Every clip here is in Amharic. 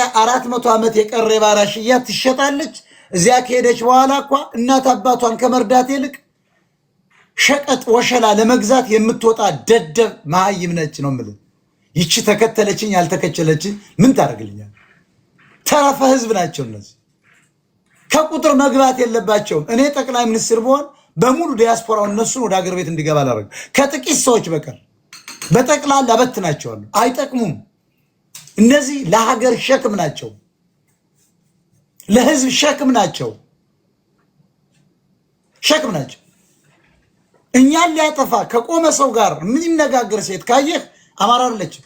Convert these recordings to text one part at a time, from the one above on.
የባሪያ አራት መቶ ዓመት የቀረ የባሪያ ሽያት ትሸጣለች። እዚያ ከሄደች በኋላ እኳ እናት አባቷን ከመርዳት ይልቅ ሸቀጥ ወሸላ ለመግዛት የምትወጣ ደደብ መሀይም ነች ነው የምልህ። ይቺ ተከተለችኝ ያልተከቸለችኝ ምን ታደርግልኛል? ተረፈ ህዝብ ናቸው እነዚህ። ከቁጥር መግባት የለባቸውም። እኔ ጠቅላይ ሚኒስትር ብሆን በሙሉ ዲያስፖራው እነሱን ወደ አገር ቤት እንዲገባ አላደርግም። ከጥቂት ሰዎች በቀር በጠቅላላ በትናቸዋለሁ። አይጠቅሙም። እነዚህ ለሀገር ሸክም ናቸው፣ ለህዝብ ሸክም ናቸው፣ ሸክም ናቸው። እኛን ሊያጠፋ ከቆመ ሰው ጋር የምንነጋገር ሴት ካየህ አማራ አለችም።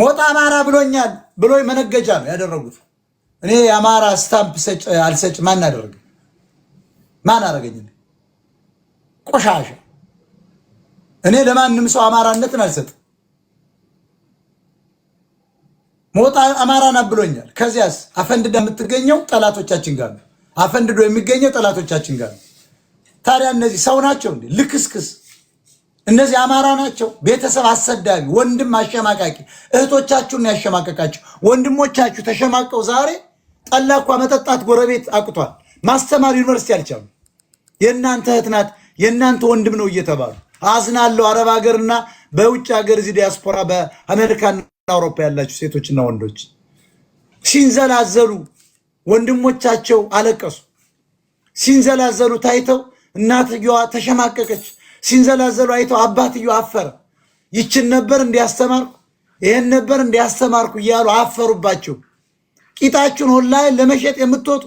ሞጣ አማራ ብሎኛል ብሎ መነገጃ ነው ያደረጉት። እኔ የአማራ ስታምፕ አልሰጭ ማን አደረገ? ማን አደረገኝ? ቆሻሻ። እኔ ለማንም ሰው አማራነትን አልሰጥም። ሞት አማራን ብሎኛል ከዚያስ አፈንድዳ የምትገኘው ጠላቶቻችን ጋር ነው። አፈንድዶ የሚገኘው ጠላቶቻችን ጋር ነው። ታዲያ እነዚህ ሰው ናቸው እንዴ? ልክስክስ እነዚህ አማራ ናቸው። ቤተሰብ አሰዳቢ፣ ወንድም አሸማቃቂ። እህቶቻችሁን ያሸማቀቃቸው ወንድሞቻችሁ ተሸማቀው ዛሬ ጠላ እኳ መጠጣት ጎረቤት አቅቷል። ማስተማር ዩኒቨርሲቲ አልቻሉ። የእናንተ እህት ናት የእናንተ ወንድም ነው እየተባሉ አዝናለሁ። አረብ ሀገርና በውጭ ሀገር እዚህ ዲያስፖራ በአሜሪካና አውሮፓ ያላችሁ ሴቶችና ወንዶች ሲንዘላዘሉ ወንድሞቻቸው አለቀሱ። ሲንዘላዘሉ ታይተው እናትየዋ ተሸማቀቀች። ሲንዘላዘሉ አይተው አባትየው አፈረ። ይችን ነበር እንዲያስተማርኩ ይህን ነበር እንዲያስተማርኩ እያሉ አፈሩባቸው። ቂጣችሁን ኦንላይን ለመሸጥ የምትወጡ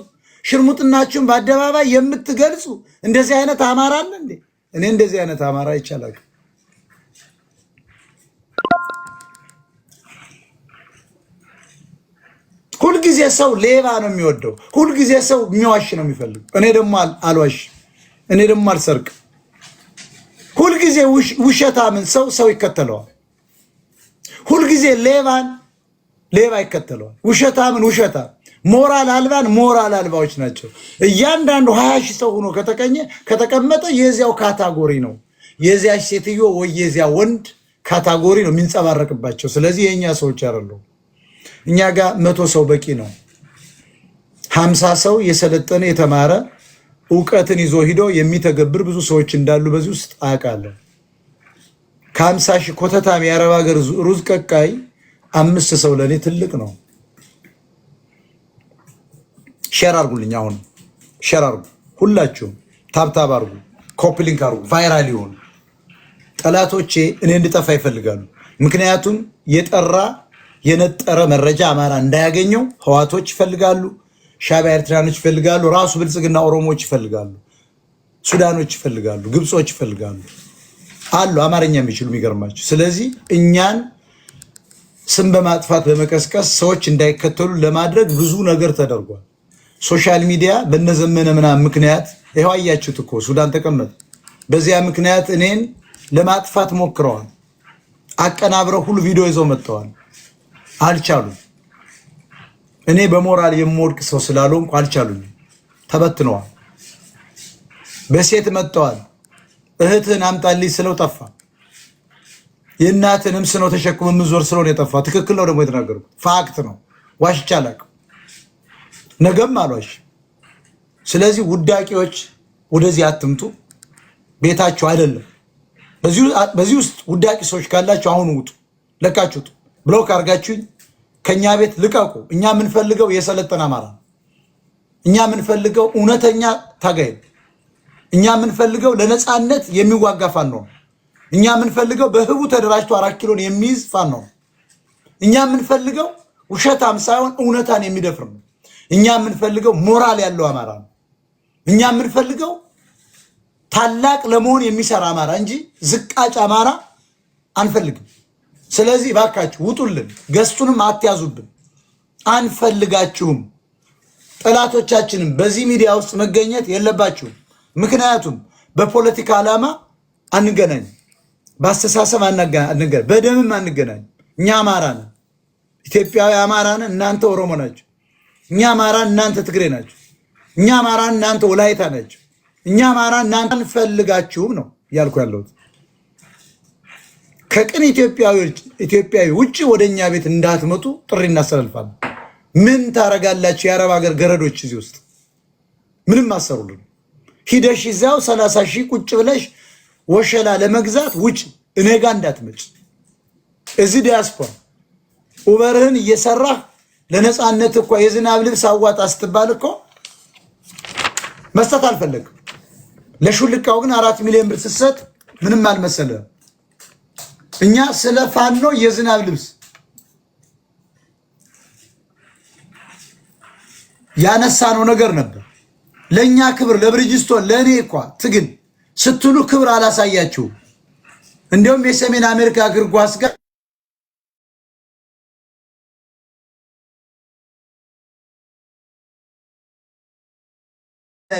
ሽርሙጥናችሁን በአደባባይ የምትገልጹ እንደዚህ አይነት አማራ አለ እንዴ? እኔ እንደዚህ አይነት አማራ ይቻላል ሁልጊዜ ሰው ሌባ ነው የሚወደው። ሁልጊዜ ሰው የሚዋሽ ነው የሚፈልግ። እኔ ደግሞ አልዋሽ፣ እኔ ደግሞ አልሰርቅ። ሁልጊዜ ውሸታምን ሰው ሰው ይከተለዋል። ሁልጊዜ ሌባን ሌባ ይከተለዋል። ውሸታምን ውሸታ፣ ሞራል አልባን ሞራል አልባዎች ናቸው። እያንዳንዱ ሀያ ሺህ ሰው ሆኖ ከተቀኘ ከተቀመጠ የዚያው ካታጎሪ ነው የዚያች ሴትዮ ወይ የዚያ ወንድ ካታጎሪ ነው የሚንጸባረቅባቸው። ስለዚህ የእኛ ሰዎች አይደሉም። እኛ ጋር መቶ ሰው በቂ ነው። ሀምሳ ሰው የሰለጠነ የተማረ እውቀትን ይዞ ሂዶ የሚተገብር ብዙ ሰዎች እንዳሉ በዚህ ውስጥ አውቃለሁ። ከሀምሳ ሺህ ኮተታም የአረብ ሀገር ሩዝ ቀቃይ አምስት ሰው ለእኔ ትልቅ ነው። ሼር አርጉልኝ። አሁን ሼር አርጉ፣ ሁላችሁም ታብታብ አርጉ፣ ኮፕሊንክ አርጉ፣ ቫይራል ይሆን። ጠላቶቼ እኔ እንድጠፋ ይፈልጋሉ። ምክንያቱም የጠራ የነጠረ መረጃ አማራ እንዳያገኘው ህዋቶች ይፈልጋሉ፣ ሻቢያ ኤርትራኖች ይፈልጋሉ፣ ራሱ ብልጽግና ኦሮሞዎች ይፈልጋሉ፣ ሱዳኖች ይፈልጋሉ፣ ግብጾች ይፈልጋሉ። አሉ አማርኛ የሚችሉ የሚገርማቸው። ስለዚህ እኛን ስም በማጥፋት በመቀስቀስ ሰዎች እንዳይከተሉ ለማድረግ ብዙ ነገር ተደርጓል። ሶሻል ሚዲያ በነዘመነ ምናምን ምክንያት ይኸው አያችሁት እኮ ሱዳን ተቀመጠ። በዚያ ምክንያት እኔን ለማጥፋት ሞክረዋል። አቀናብረው ሁሉ ቪዲዮ ይዘው መጥተዋል። አልቻሉም። እኔ በሞራል የምወድቅ ሰው ስላልሆንኩ አልቻሉኝ። ተበትነዋል። በሴት መጥተዋል። እህትህን አምጣልኝ ስለው ጠፋ። የእናትህንም ስነው ተሸክሞ የምዞር ስለሆነ የጠፋ ትክክል ነው። ደግሞ የተናገርኩት ፋክት ነው። ዋሽቼ አላቅም፣ ነገም አሏሽ ስለዚህ ውዳቂዎች ወደዚህ አትምጡ፣ ቤታችሁ አይደለም። በዚህ ውስጥ ውዳቂ ሰዎች ካላችሁ አሁን ውጡ፣ ለቃችሁ ውጡ። ብሎክ አድርጋችሁኝ ከእኛ ቤት ልቀቁ። እኛ የምንፈልገው የሰለጠነ አማራ እኛ የምንፈልገው እውነተኛ ታጋይ እኛ የምንፈልገው ለነፃነት የሚዋጋ ፋኖ ነው። እኛ የምንፈልገው በህቡ ተደራጅቶ አራት ኪሎን የሚይዝ ፋኖ ነው። እኛ የምንፈልገው ውሸታም ሳይሆን እውነታን የሚደፍር ነው። እኛ የምንፈልገው ሞራል ያለው አማራ ነው። እኛ የምንፈልገው ታላቅ ለመሆን የሚሰራ አማራ እንጂ ዝቃጭ አማራ አንፈልግም። ስለዚህ ባካችሁ ውጡልን፣ ገስቱንም አትያዙብን፣ አንፈልጋችሁም። ጠላቶቻችንም በዚህ ሚዲያ ውስጥ መገኘት የለባችሁም። ምክንያቱም በፖለቲካ ዓላማ አንገናኝ፣ በአስተሳሰብ አንገናኝ፣ በደምም አንገናኝ። እኛ አማራ ነን፣ ኢትዮጵያዊ አማራ ነን። እናንተ ኦሮሞ ናቸው። እኛ አማራ፣ እናንተ ትግሬ ናቸው። እኛ አማራ፣ እናንተ ወላይታ ናቸው። እኛ አማራ፣ እናንተ አንፈልጋችሁም ነው እያልኩ ያለሁት። ከቅን ኢትዮጵያዊ ውጭ ወደ እኛ ቤት እንዳትመጡ ጥሪ እናስተላልፋለን። ምን ታረጋላችሁ? የአረብ ሀገር ገረዶች እዚህ ውስጥ ምንም አሰሩልን። ሂደሽ እዚያው ሰላሳ ሺህ ቁጭ ብለሽ ወሸላ ለመግዛት ውጭ እኔ ጋ እንዳትመጭ። እዚህ ዲያስፖራ ኡበርህን እየሰራህ ለነፃነት እኮ የዝናብ ልብስ አዋጣ ስትባል እኮ መስጠት አልፈለግም። ለሹልቃው ግን አራት ሚሊዮን ብር ስትሰጥ ምንም አልመሰለም። እኛ ስለ ፋኖ የዝናብ ልብስ ያነሳነው ነገር ነበር። ለእኛ ክብር ለብሪጅስቶን ለእኔ እኳ ትግል ስትሉ ክብር አላሳያችሁ እንዲሁም የሰሜን አሜሪካ እግር ኳስ ጋር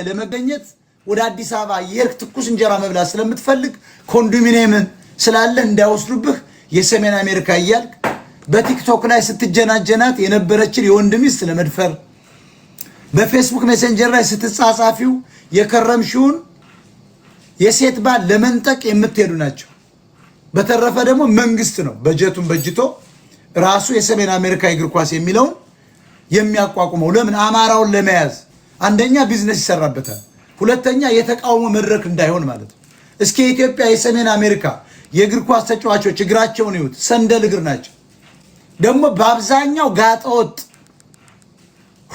ለመገኘት ወደ አዲስ አበባ የሄድክ ትኩስ እንጀራ መብላት ስለምትፈልግ ኮንዶሚኒየምን ስላለ እንዳይወስዱብህ የሰሜን አሜሪካ እያልክ በቲክቶክ ላይ ስትጀናጀናት የነበረችን የወንድ ሚስት ለመድፈር በፌስቡክ ሜሴንጀር ላይ ስትጻጻፊው የከረምሽውን የሴት ባል ለመንጠቅ የምትሄዱ ናቸው። በተረፈ ደግሞ መንግስት ነው በጀቱን በጅቶ ራሱ የሰሜን አሜሪካ እግር ኳስ የሚለውን የሚያቋቁመው ለምን አማራውን ለመያዝ አንደኛ ቢዝነስ ይሰራበታል፣ ሁለተኛ የተቃውሞ መድረክ እንዳይሆን ማለት ነው። እስኪ የኢትዮጵያ የሰሜን አሜሪካ የእግር ኳስ ተጫዋቾች እግራቸውን ይሁት ሰንደል እግር ናቸው። ደግሞ በአብዛኛው ጋጠወጥ፣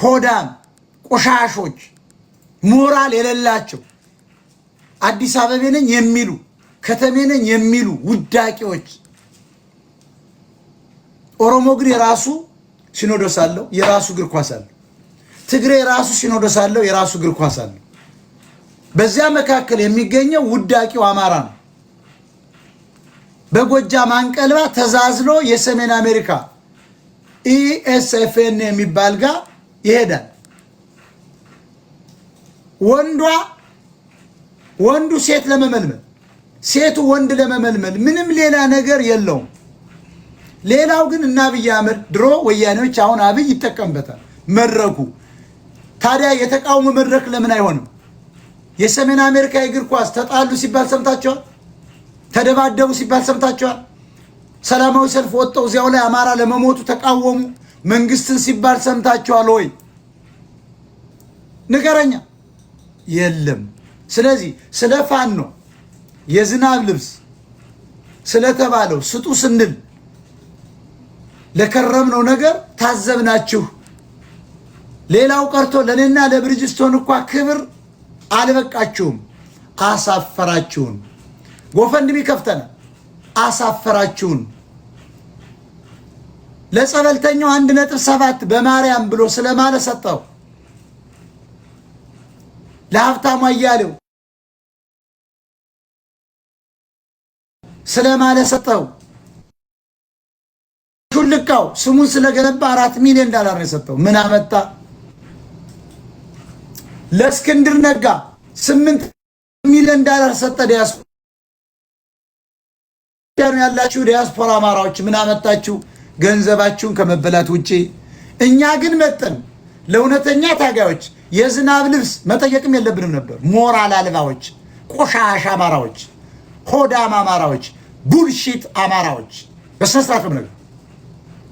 ሆዳም፣ ቆሻሾች፣ ሞራል የሌላቸው አዲስ አበቤ ነኝ የሚሉ ከተሜ ነኝ የሚሉ ውዳቂዎች። ኦሮሞ ግን የራሱ ሲኖዶስ አለው፣ የራሱ እግር ኳስ አለው። ትግሬ የራሱ ሲኖዶስ አለው፣ የራሱ እግር ኳስ አለው። በዚያ መካከል የሚገኘው ውዳቂው አማራ ነው። በጎጃም አንቀልባ ተዛዝሎ የሰሜን አሜሪካ ኢኤስኤፍኤን e የሚባል ጋር ይሄዳል። ወንዷ ወንዱ ሴት ለመመልመል ሴቱ ወንድ ለመመልመል ምንም ሌላ ነገር የለውም። ሌላው ግን እና አብይ አህመድ ድሮ ወያኔዎች፣ አሁን አብይ ይጠቀምበታል መድረኩ። ታዲያ የተቃውሞ መድረክ ለምን አይሆንም? የሰሜን አሜሪካ እግር ኳስ ተጣሉ ሲባል ሰምታችኋል። ተደባደቡ ሲባል ሰምታችኋል። ሰላማዊ ሰልፍ ወጥተው እዚያው ላይ አማራ ለመሞቱ ተቃወሙ መንግስትን ሲባል ሰምታችኋል ወይ? ንገረኛ የለም። ስለዚህ ስለ ፋኖ የዝናብ ልብስ ስለተባለው ስጡ ስንል ለከረምነው ነገር ታዘብናችሁ። ሌላው ቀርቶ ለእኔና ለብሪጅስቶን እንኳ ክብር አልበቃችሁም፣ አሳፈራችሁን። ጎፈንድሚ ከፍተን አሳፈራችሁን። ለጸበልተኛው አንድ ነጥብ ሰባት በማርያም ብሎ ስለማለ ሰጠው። ለሀብታሙ አያሌው ስለማለ ሰጠው። ሹልቃው ስሙን ስለገነባ አራት ሚሊዮን ዳላር የሰጠው። ምን አመጣ? ለእስክንድር ነጋ ስምንት ሚሊዮን ዳላር ሰጠ ዲያስፖራ ኢትዮጵያ ያላችሁ ዲያስፖራ አማራዎች ምን አመጣችሁ? ገንዘባችሁን ከመበላት ውጪ። እኛ ግን መጠን ለእውነተኛ ታጋዮች የዝናብ ልብስ መጠየቅም የለብንም ነበር። ሞራል አልባዎች፣ ቆሻሻ አማራዎች፣ ሆዳም አማራዎች፣ ቡልሺት አማራዎች፣ በስነስርዓትም ነገር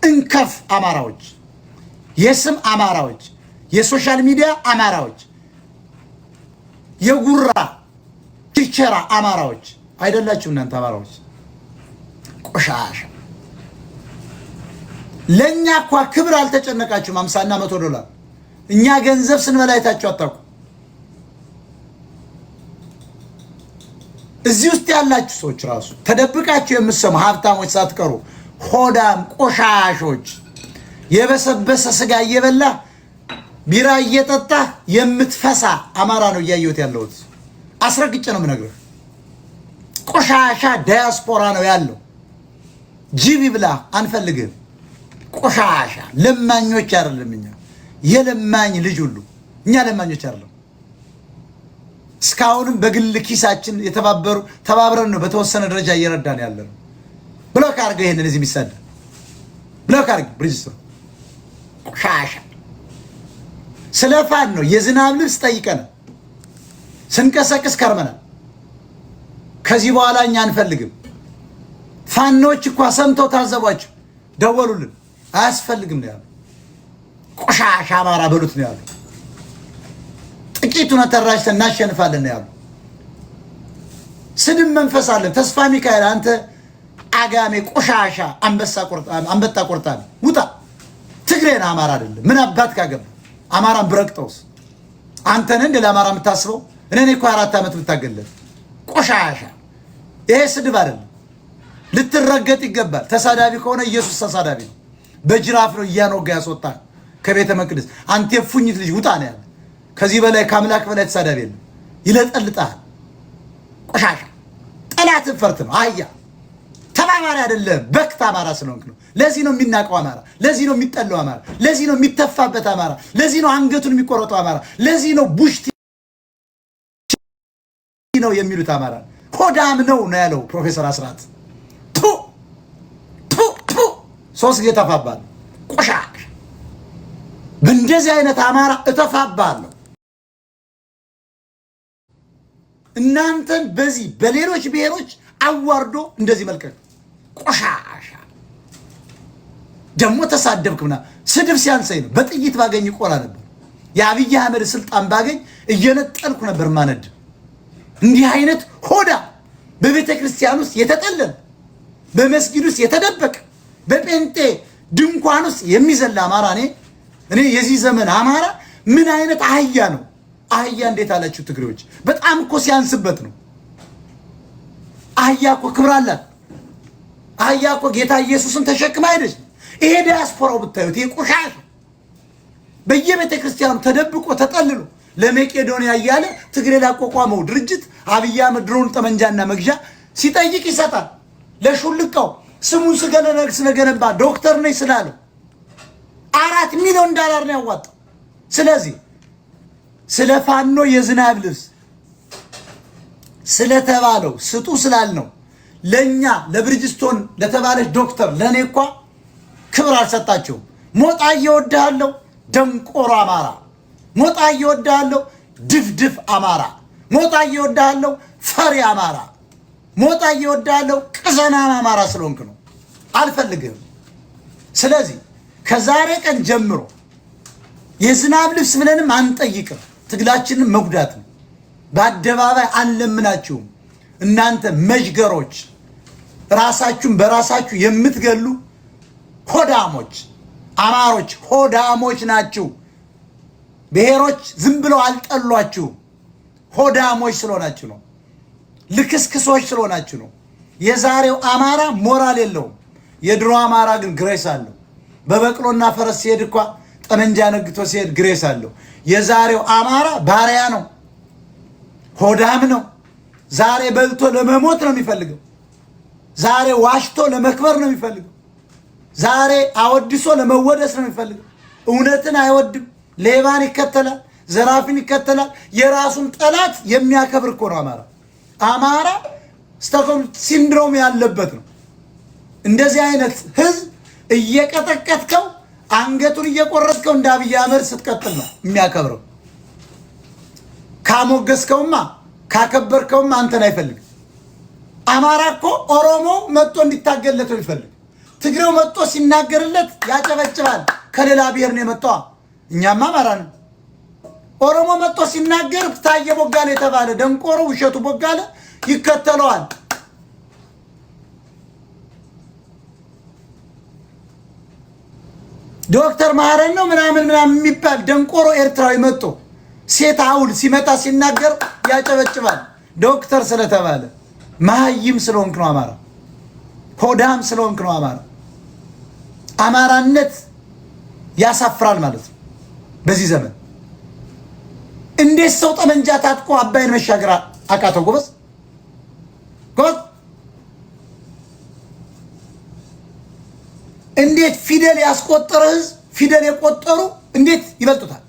እንከፍ አማራዎች፣ የስም አማራዎች፣ የሶሻል ሚዲያ አማራዎች፣ የጉራ ችቸራ አማራዎች አይደላችሁ እናንተ አማራዎች። ቆሻሻ ለእኛ እኳ ክብር አልተጨነቃችሁም። አምሳና መቶ ዶላር እኛ ገንዘብ ስንበላ አይታችሁ እዚህ ውስጥ ያላችሁ ሰዎች ራሱ ተደብቃችሁ የምትሰሙ ሀብታሞች ሳትቀሩ ሆዳም ቆሻሾች፣ የበሰበሰ ስጋ እየበላ ቢራ እየጠጣ የምትፈሳ አማራ ነው እያየሁት ያለሁት። አስረግጬ ነው የምነግርህ። ቆሻሻ ዳያስፖራ ነው ያለው። ጅብ ብላ አንፈልግም። ቆሻሻ ለማኞች አይደለም እኛ የለማኝ ልጅ ሁሉ እኛ ለማኞች አይደለም። እስካሁንም በግል ኪሳችን የተባበሩ ተባብረን ነው በተወሰነ ደረጃ እየረዳን ያለ ነው። ብሎክ አድርገው ይሄንን እዚህ የሚሳደ ብሎክ አድርገው ብሪጅስ ቆሻሻ ስለ ፋን ነው የዝናብ ልብስ ጠይቀን ስንቀሰቅስ ከርመናል። ከዚህ በኋላ እኛ አንፈልግም። ፋኖች እኳ ሰምተው ታዘቧቸው፣ ደወሉልን። አያስፈልግም ነው ያሉ። ቆሻሻ አማራ በሉት ነው ያሉ። ጥቂቱን ተራጅተን እናሸንፋለን ነው ያሉ። ስድብ መንፈስ አለን። ተስፋ ሚካኤል አንተ አጋሜ ቆሻሻ አንበጣ ቆርጣ ውጣ። ትግሬን አማራ አይደለም። ምን አባት ካገባ አማራን ብረቅጠውስ አንተን እንደ ለአማራ የምታስበው እኔ እኮ አራት ዓመት ብታገለት ቆሻሻ። ይሄ ስድብ አይደለም። ልትረገጥ ይገባል። ተሳዳቢ ከሆነ ኢየሱስ ተሳዳቢ ነው። በጅራፍ ነው እያኖጋ ያስወጣ ከቤተ መቅደስ። አንተ የፉኝት ልጅ ውጣ ነው ያለ። ከዚህ በላይ ከአምላክ በላይ ተሳዳቢ የለም። ይለጠልጣል። ቆሻሻ ጠላትን ፈርት ነው። አያ ተማማሪ አይደለም። በክ አማራ ስለሆንክ ነው። ለዚህ ነው የሚናቀው አማራ፣ ለዚህ ነው የሚጠላው አማራ፣ ለዚህ ነው የሚተፋበት አማራ፣ ለዚህ ነው አንገቱን የሚቆረጠው አማራ፣ ለዚህ ነው ቡሽቲ ነው የሚሉት አማራ። ሆዳም ነው ነው ያለው ፕሮፌሰር አስራት ሶስት ጊዜ ተፋባለሁ። ቆሻሻ በእንደዚህ አይነት አማራ እተፋባለሁ። እናንተን በዚህ በሌሎች ብሔሮች አዋርዶ እንደዚህ መልቀቅ ቆሻሻ። ደግሞ ተሳደብክ ምናምን ስድብ ሲያንሰኝ ነው። በጥይት ባገኝ ቆላ ነበር። የአብይ አህመድ ስልጣን ባገኝ እየነጠልኩ ነበር ማነድ። እንዲህ አይነት ሆዳ በቤተ ክርስቲያን ውስጥ የተጠለል በመስጊድ ውስጥ የተደበቀ በጴንጤ ድንኳን ውስጥ የሚዘል አማራ እኔ እኔ የዚህ ዘመን አማራ ምን አይነት አህያ ነው? አህያ እንዴት አላችሁ ትግሬዎች? በጣም እኮ ሲያንስበት ነው። አህያ እኮ ክብር አላት። አህያ እኮ ጌታ ኢየሱስን ተሸክማ ሄደች። ይሄ ዲያስፖራው ብታዩት፣ ይሄ ቆሻሻ በየቤተ ክርስቲያኑ ተደብቆ ተጠልሎ ለመቄዶንያ እያለ ትግሬ ላቋቋመው ድርጅት አብይ አህመድ ድሮን ጠመንጃና መግዣ ሲጠይቅ ይሰጣል ለሹልቃው ስሙን ስለገነባ ዶክተር ነኝ ስላለው አራት ሚሊዮን ዳላር ነው ያዋጣው። ስለዚህ ስለ ፋኖ የዝናብ ልብስ ስለተባለው ስጡ ስላልነው ለእኛ ለብሪጅስቶን ለተባለች ዶክተር ለእኔ እኳ ክብር አልሰጣቸውም። ሞጣ እየወድሃለሁ ደንቆሮ አማራ፣ ሞጣ እየወድሃለሁ ድፍድፍ አማራ፣ ሞጣ እየወድሃለሁ ፈሪ አማራ ሞጣ እየወዳለው ቅዘናም አማራ ስለሆንክ ነው። አልፈልግህም። ስለዚህ ከዛሬ ቀን ጀምሮ የዝናብ ልብስ ብለንም አንጠይቅም። ትግላችንን መጉዳት ነው። በአደባባይ አንለምናችሁም። እናንተ መዥገሮች፣ ራሳችሁን በራሳችሁ የምትገሉ ሆዳሞች፣ አማሮች ሆዳሞች ናችሁ። ብሔሮች ዝም ብለው አልጠሏችሁም። ሆዳሞች ስለሆናችሁ ነው። ልክስክሶች ስለሆናችሁ ነው። የዛሬው አማራ ሞራል የለውም። የድሮ አማራ ግን ግሬስ አለው። በበቅሎና ፈረስ ሲሄድ እኳ ጠመንጃ ነግቶ ሲሄድ ግሬስ አለው። የዛሬው አማራ ባሪያ ነው፣ ሆዳም ነው። ዛሬ በልቶ ለመሞት ነው የሚፈልገው። ዛሬ ዋሽቶ ለመክበር ነው የሚፈልገው። ዛሬ አወድሶ ለመወደስ ነው የሚፈልገው። እውነትን አይወድም። ሌባን ይከተላል፣ ዘራፊን ይከተላል። የራሱን ጠላት የሚያከብር እኮ ነው አማራ። አማራ ስቶክሆልም ሲንድሮም ያለበት ነው። እንደዚህ አይነት ህዝብ እየቀጠቀጥከው አንገቱን እየቆረጥከው እንደ አብይ አህመድ ስትቀጥል ነው የሚያከብረው። ካሞገስከውማ ካከበርከውም አንተን አይፈልግም። አማራ እኮ ኦሮሞ መጥቶ እንዲታገልለት ነው ይፈልግ። ትግሬው መጥቶ ሲናገርለት ያጨበጭባል። ከሌላ ብሔር ነው የመጣዋ። እኛማ አማራ ነው። ኦሮሞ መጥቶ ሲናገር ታየ ቦጋለ የተባለ ደንቆሮ ውሸቱ ቦጋለ ይከተለዋል። ዶክተር ማረን ነው ምናምን ምናምን የሚባል ደንቆሮ ኤርትራዊ መጥቶ ሴት አውል ሲመጣ ሲናገር ያጨበጭባል። ዶክተር ስለተባለ መሀይም ስለሆንክ ነው አማራ፣ ሆዳም ስለሆንክ ነው አማራ። አማራነት ያሳፍራል ማለት ነው በዚህ ዘመን እንዴት ሰው ጠመንጃ ታጥቆ አባይን መሻገር አቃተው? ጎበዝ ጎበዝ፣ እንዴት ፊደል ያስቆጠረ ህዝብ ፊደል የቆጠሩ እንዴት ይበልጡታል?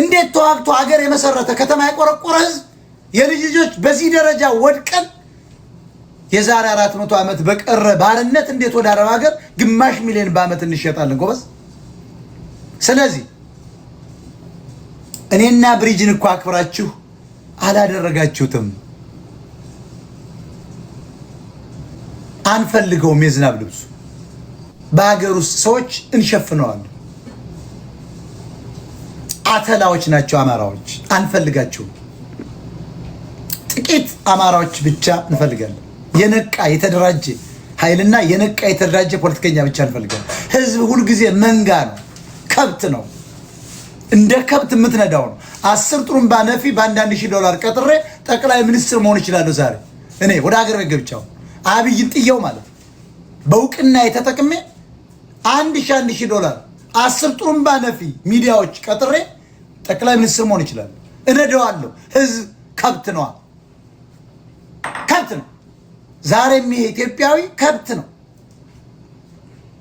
እንዴት ተዋግቶ ሀገር የመሰረተ ከተማ የቆረቆረ ህዝብ የልጅ ልጆች በዚህ ደረጃ ወድቀን የዛሬ አራት መቶ ዓመት በቀረ ባርነት እንዴት ወደ አረብ ሀገር ግማሽ ሚሊዮን በዓመት እንሸጣለን? ጎበዝ ስለዚህ እኔና ብሪጅን እኮ አክብራችሁ አላደረጋችሁትም። አንፈልገውም። የዝናብ ልብሱ በሀገር ውስጥ ሰዎች እንሸፍነዋል። አተላዎች ናቸው አማራዎች። አንፈልጋችሁም። ጥቂት አማራዎች ብቻ እንፈልጋለን። የነቃ የተደራጀ ኃይልና የነቃ የተደራጀ ፖለቲከኛ ብቻ እንፈልጋለን። ህዝብ ሁልጊዜ መንጋ ነው፣ ከብት ነው። እንደ ከብት የምትነዳው ነው። አስር ጥሩምባ ነፊ በአንዳንድ ሺህ ዶላር ቀጥሬ ጠቅላይ ሚኒስትር መሆን ይችላለሁ። ዛሬ እኔ ወደ ሀገር ገብቻው አብይን ጥየው ማለት በእውቅና የተጠቅሜ አንድ ሺህ አንድ ሺህ ዶላር አስር ጥሩምባ ነፊ ሚዲያዎች ቀጥሬ ጠቅላይ ሚኒስትር መሆን ይችላለሁ። እነደዋለሁ። ህዝብ ከብት ነዋ፣ ከብት ነው። ዛሬም ይሄ ኢትዮጵያዊ ከብት ነው።